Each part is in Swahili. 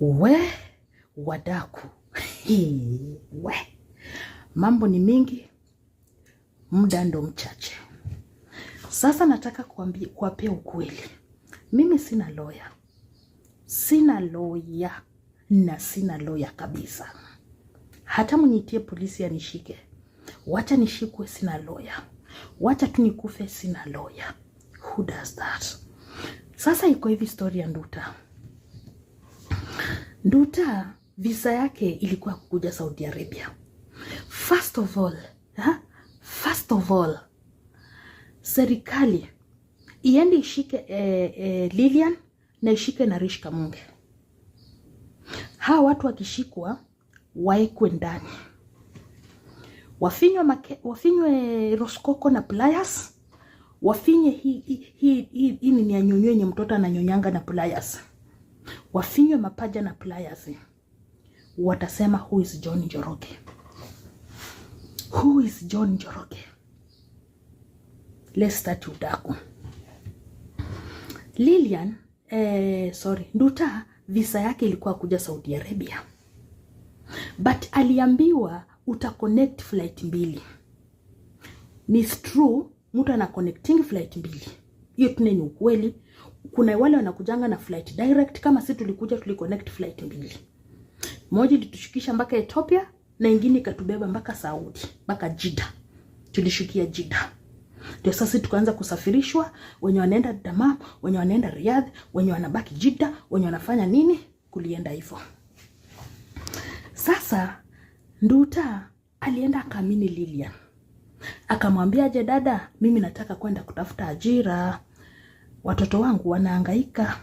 we wadaku we, mambo ni mingi, muda ndo mchache. Sasa nataka kuambia, kuwapea ukweli, mimi sina loya, sina loya na sina loya kabisa. Hata mnitie polisi anishike, wacha nishikwe, sina loya, wacha tu nikufe, sina loya. Who does that? Sasa iko hivi story ya Nduta Nduta visa yake ilikuwa kukuja Saudi Arabia. First of all, ha? First of all, serikali iende ishike eh, eh, Lilian na ishike na Rish Kamunge. Hawa watu wakishikwa waekwe ndani, wafinywe wafinywe roskoko na pliers, wafinye hii hii hii, hii ni nyanyonywe mtoto ananyonyanga na pliers wafinywe mapaja na pliers, watasema who is John Njoroge? Who is John Njoroge? Let's start udaku Lilian, eh, sorry, Nduta visa yake ilikuwa kuja Saudi Arabia but aliambiwa uta connect flight mbili. Ni true, mtu ana connecting flight mbili, hiyo tune ni ukweli kuna wale wanakujanga na flight direct. Kama sisi tulikuja tuliconnect flight mbili, moja ilitushikisha mpaka Ethiopia na nyingine ikatubeba mpaka Saudi, mpaka Jeddah. Tulishukia Jeddah ndio sasa tukaanza kusafirishwa, wenye wanaenda Damam, wenye wanaenda Riyadh, wenye wanabaki Jeddah, wenye wanafanya nini, kulienda hivyo. Sasa Nduta alienda akamini Lilian, akamwambia je, dada, mimi nataka kwenda kutafuta ajira watoto wangu wanaangaika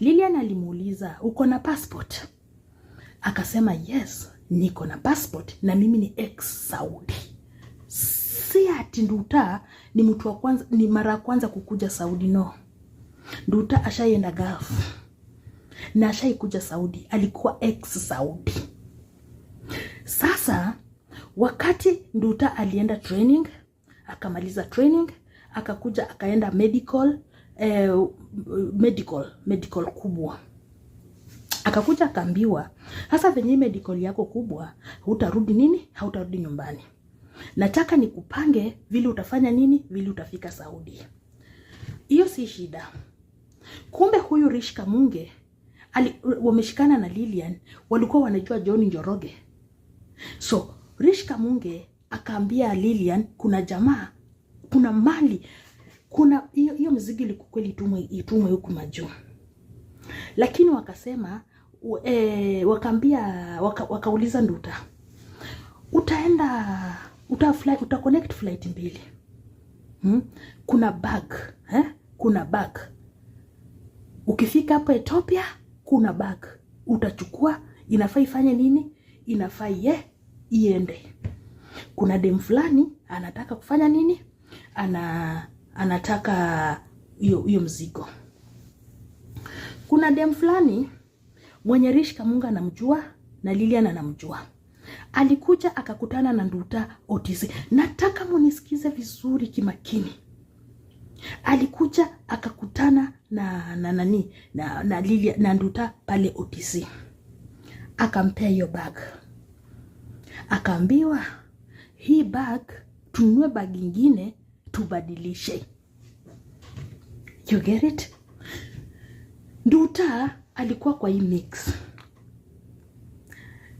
Lilian alimuuliza uko na passport? Akasema yes, niko na passport na mimi ni ex Saudi. Si ati Nduta ni mtu wa kwanza, ni mara ya kwanza kukuja Saudi, no. Nduta ashaienda Gulf na ashaikuja Saudi, alikuwa ex Saudi. Sasa wakati Nduta alienda training, akamaliza training, akakuja akaenda medical eh, medical medical kubwa akakuja akaambiwa, hasa venye medical yako kubwa, hutarudi nini, hautarudi nyumbani. Nataka nikupange vile utafanya nini, vile utafika Saudi. Hiyo si shida. Kumbe huyu Rich Kamunge ali, wameshikana na Lilian, walikuwa wanajua John Njoroge. So Rich Kamunge akaambia Lilian, kuna jamaa, kuna mali kuna hiyo mzigo ilikuwa kweli itumwe itumwe huku majuu, lakini wakasema e, wakaambia waka, wakauliza Nduta, utaenda uta fly, uta connect flight mbili hmm? kuna bag eh? kuna bag ukifika hapo Ethiopia kuna bag utachukua, inafaa ifanye nini? Inafaa ye iende. Kuna dem fulani anataka kufanya nini? ana anataka hiyo mzigo. Kuna dem fulani mwenye Rish Kamunga anamjua na Lilian anamjua, alikuja akakutana na Nduta Otis. Nataka munisikize vizuri kimakini. Alikuja akakutana na na nani na, na, Lilia, na Nduta pale Otis, akampea hiyo bag, akaambiwa hii bag tununue bag ingine tubadilishe. You get it? Nduta alikuwa kwa hii mix.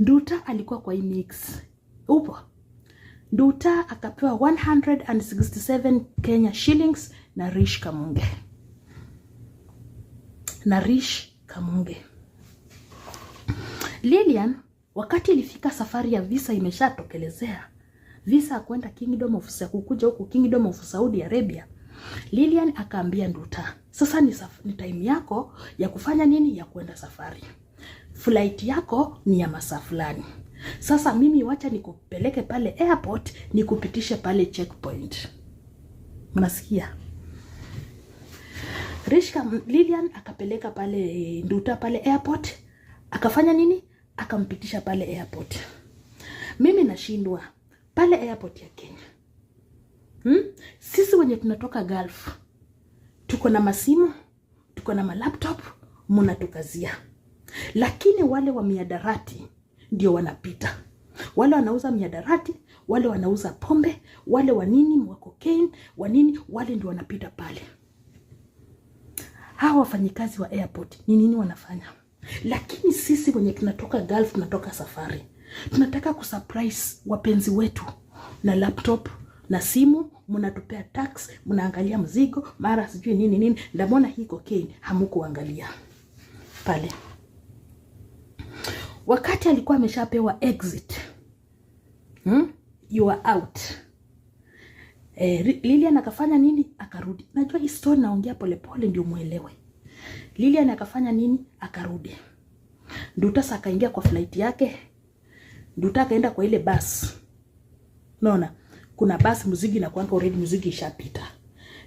Nduta alikuwa kwa hii mix. Upo? Nduta akapewa 167 Kenya shillings na Rish Kamunge. Na Rish Kamunge. Lilian wakati ilifika safari ya visa imeshatokelezea visa ya kwenda Kingdom of Saudi, kukuja huku Kingdom of Saudi Arabia. Lilian akaambia Nduta, sasa ni, saf, ni time yako ya kufanya nini, ya kwenda safari. Flight yako ni ya masaa fulani. Sasa mimi wacha nikupeleke pale airport, nikupitishe pale checkpoint. Mnasikia? Rishka Lilian akapeleka pale Nduta pale airport, akafanya nini? Akampitisha pale airport. Mimi nashindwa pale airport ya Kenya hmm? Sisi wenye tunatoka Gulf tuko na masimu tuko na malaptop munatukazia, lakini wale wa miadarati ndio wanapita, wale wanauza miadarati, wale wanauza pombe, wale wanini wa cocaine, wanini wale ndio wanapita pale. Hawa wafanyikazi wa airport ni nini wanafanya? Lakini sisi wenye tunatoka Gulf tunatoka safari Tunataka kusurprise wapenzi wetu na laptop na simu, mnatupea tax, mnaangalia mzigo, mara sijui nini nini. Ndamona hii cocaine hamukuangalia pale wakati alikuwa ameshapewa exit hmm? You are out eh. Lilian akafanya nini? Akarudi. Najua hii story naongea polepole ndio muelewe. Lilian akafanya nini? Akarudi. Ndutas akaingia kwa flight yake ndio utakaenda kwa ile bus. Unaona? Kuna bus muziki na kuanga already muziki ishapita.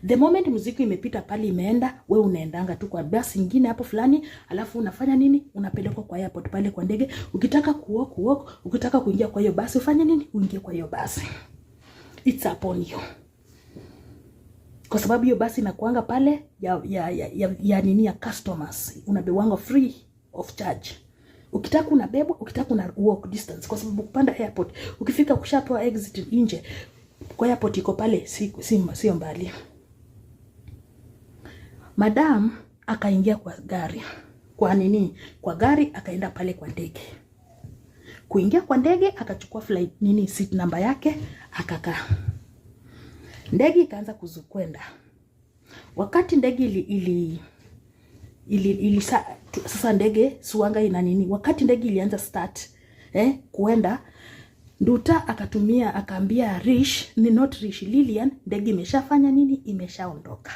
The moment muziki imepita pale imeenda, we unaendanga tu kwa bus nyingine hapo fulani, alafu unafanya nini? Unapelekwa kwa airport pale kwa ndege. Ukitaka kuwalk walk, ukitaka kuingia kwa hiyo bus ufanye nini? Uingie kwa hiyo bus, It's upon you. Kwa sababu hiyo basi inakuanga pale ya ya ya, ya, ya nini ya customers. Unabewanga free of charge. Ukitaka unabebwa, ukitaka una walk distance, kwa sababu kupanda airport ukifika kushapewa exit nje kwa airport iko pale, si sio mbali. Madam akaingia kwa gari, kwa nini? Kwa gari akaenda pale kwa ndege. Kuingia kwa ndege akachukua flight nini, seat namba yake akakaa. Ndege ikaanza kuzukwenda. Wakati ndege ili, ili ili, ili, sasa ndege suanga ina nini? Wakati ndege ilianza start eh, kuenda Nduta akatumia akaambia Rish, ni not Rish, Lilian, ndege imeshafanya nini? Imeshaondoka.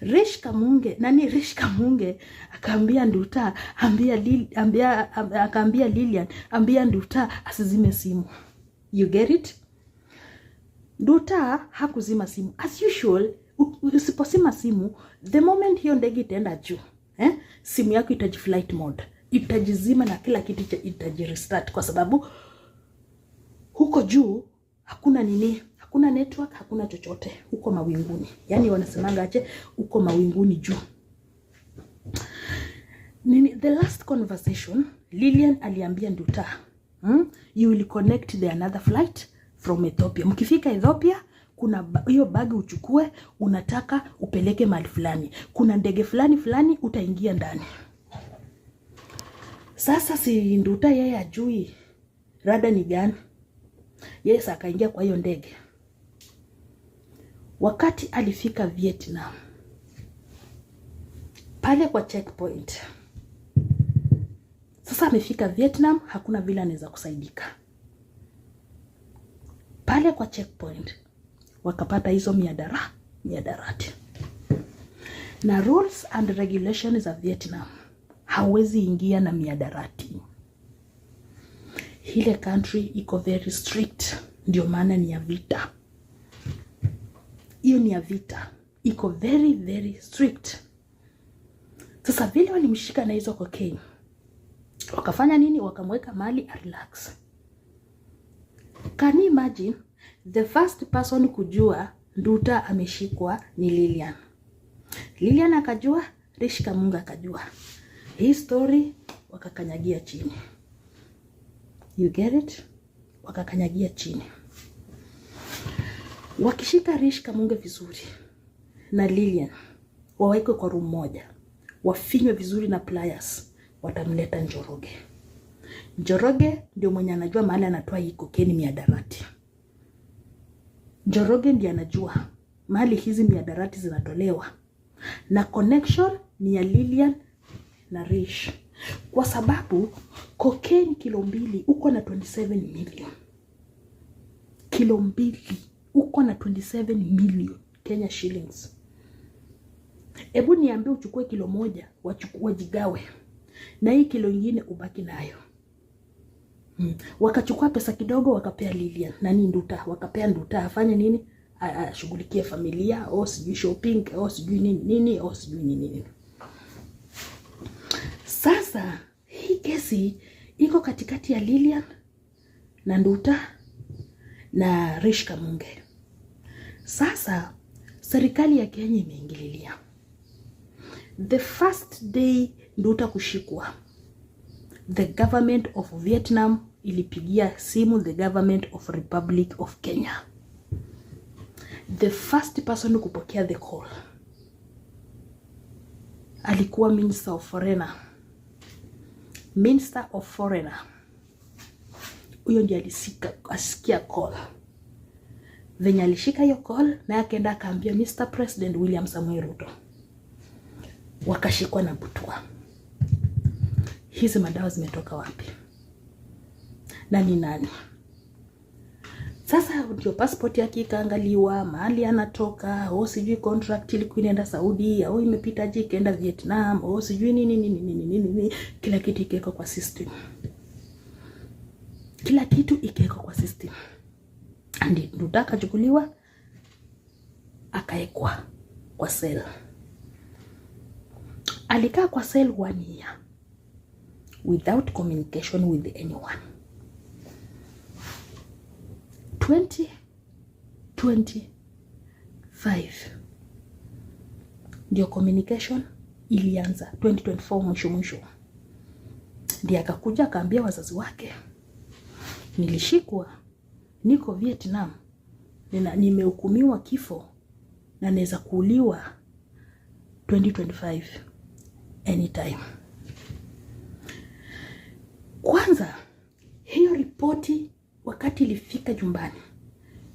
Rish Kamunge, nani Rish Kamunge akaambia Nduta, ambia Lil, ambia akaambia Lilian, ambia Nduta asizime simu. You get it? Nduta hakuzima simu. As usual, usiposima simu, the moment hiyo ndege itaenda juu eh, simu yako itaji flight mode, itajizima na kila kitu itaji restart, kwa sababu huko juu hakuna nini, hakuna network, hakuna chochote huko mawinguni. Yani wanasemanga ache uko mawinguni juu nini. The last conversation Lilian aliambia Nduta, hmm, you will connect the another flight from Ethiopia. Mkifika Ethiopia kuna hiyo bagi uchukue, unataka upeleke mahali fulani, kuna ndege fulani fulani utaingia ndani. Sasa si Nduta yeye ajui rada ni gani? Yes, akaingia kwa hiyo ndege. Wakati alifika Vietnam pale kwa checkpoint. Sasa amefika Vietnam, hakuna vile anaweza kusaidika pale kwa checkpoint wakapata hizo miadara miadarati na rules and regulations za Vietnam. Hawezi ingia na miadarati, ile country iko very strict, ndio maana ni ya vita. Hiyo ni ya vita, iko very very strict. Sasa vile walimshika na hizo cocaine, wakafanya nini? Wakamweka mali relax. Can you imagine The first person kujua Nduta ameshikwa ni Lilian. Lilian akajua, Rishi Kamunga akajua. Hii story wakakanyagia chini. You get it? Wakakanyagia chini. Wakishika Rishi Kamunga vizuri na Lilian wawekwe kwa room moja, wafinywe vizuri na pliers, watamleta Njoroge. Njoroge ndio mwenye anajua mahali anatoa hii kokeni miadarati. Njoroge ndiye anajua mali hizi ni adarati zinatolewa, na connection ni ya Lilian na Rish, kwa sababu cocaine kilo mbili uko na 27 million, kilo mbili uko na 27 million Kenya shillings. Hebu niambie, uchukue kilo moja jigawe na hii kilo ingine ubaki nayo. Mm. Wakachukua pesa kidogo wakapea Lilian nani Nduta, wakapea Nduta afanye nini, ashughulikie familia au sijui shopping au sijui nini nini au sijui nini nini. Sasa hii kesi iko katikati ya Lilian na Nduta na Rish Kamunge. Sasa serikali ya Kenya imeingililia. The first day Nduta kushikwa, the government of Vietnam ilipigia simu the government of Republic of Kenya. The first person kupokea the call alikuwa minister of foreigner, minister of foreigner. Huyo ndiye alisika asikia call venye alishika hiyo call, naye akaenda akaambia Mr President William Samoei Ruto, wakashikwa na butua. Hizi madawa zimetoka wapi? nani nani. Sasa ndio passport yake ikaangaliwa, mahali anatoka, au oh, sijui contract ilikuwa inaenda Saudi, au oh, imepita je ikaenda Vietnam, au oh, sijui nini nini nini nini, kila kitu ikiwekwa kwa system, kila kitu ikiwekwa kwa system, ndio Duda akachukuliwa akaekwa kwa sel. Alikaa kwa sel one year without communication with anyone 2025 ndio communication ilianza 2024 mwisho mwisho, ndio akakuja akaambia wazazi wake, nilishikwa niko Vietnam, nimehukumiwa kifo na naweza kuuliwa 2025 anytime. Kwanza hiyo ripoti Wakati ilifika nyumbani,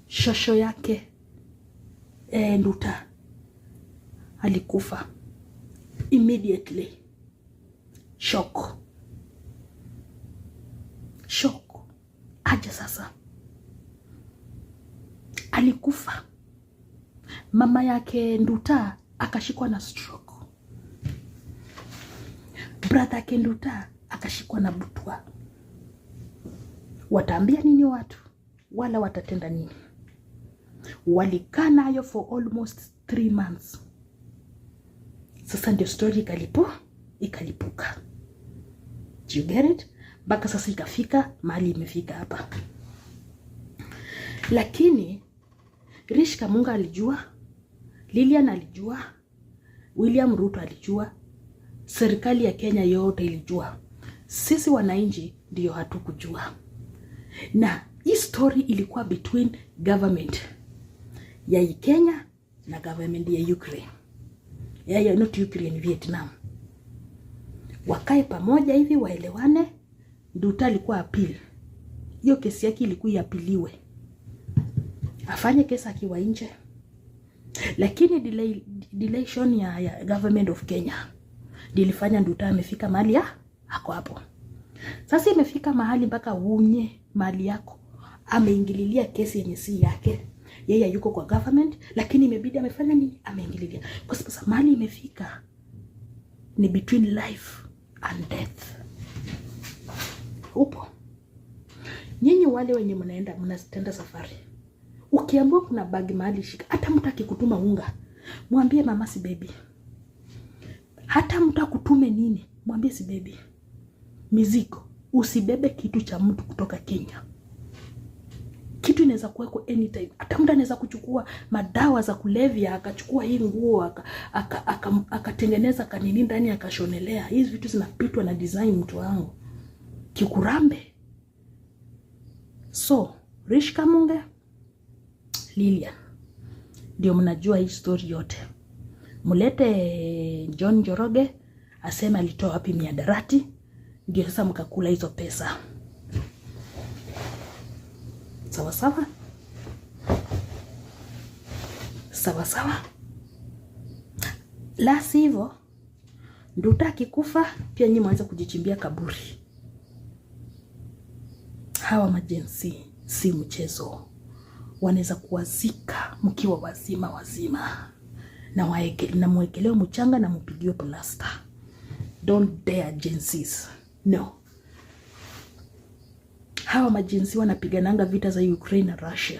shosho yake e, Nduta alikufa immediately. Shock, shock. Aje sasa, alikufa mama yake Nduta akashikwa na stroke, brother yake Nduta akashikwa na butwa Wataambia nini watu wala watatenda nini? Walikaa nayo for almost three months. Sasa ndio story ikalipo ikalipuka, you get it? Mpaka sasa ikafika mahali imefika hapa, lakini Rish Kamunga alijua, Lilian alijua, William Ruto alijua, serikali ya Kenya yote ilijua. Sisi wananchi ndiyo hatukujua na hii story ilikuwa between government ya Kenya na government ya Ukraine. Yeah, yeah, not Ukraine, Vietnam. Wakae pamoja hivi waelewane, nduta alikuwa appeal. Hiyo kesi yake ilikuwa iapiliwe. Afanye kesi akiwa nje. Lakini delay, ya, ya government of Kenya dilifanya nduta amefika mahali ya ah, hako hapo. Sasa imefika mahali mpaka unye mali yako, ameingililia kesi yenye si yake. Yeye yuko kwa government, lakini imebidi amefanya nini? Ameingililia kwa sababu mali imefika ni between life and death. Upo nyinyi wale wenye mnaenda mnatenda safari, ukiambiwa kuna bagi mahali shika. Hata mtu akikutuma unga, mwambie mama, si bebi. Hata mtu akutume nini, mwambie si bebi, mizigo Usibebe kitu cha mtu kutoka Kenya. Kitu inaweza kuwekwa anytime. Hata mtu anaweza kuchukua madawa za kulevya akachukua hii nguo akatengeneza aka, aka, aka kanini ndani akashonelea. Hizi vitu zinapitwa na design, mtu wangu kikurambe. So Rich Kamunge, Lilian ndio mnajua hii story yote. Mlete John Joroge aseme alitoa wapi miadarati ndio sasa mkakula hizo pesa sawa sawa sawa sawa, la sivyo nduta akikufa pia nyinyi mwanze kujichimbia kaburi. Hawa majensi si mchezo, wanaweza kuwazika mkiwa wazima wazima, na mwekelewe mchanga na mpigiwe plasta. Don't dare jensis. No. Hawa majinsi wanapigananga vita za Ukraine na Russia.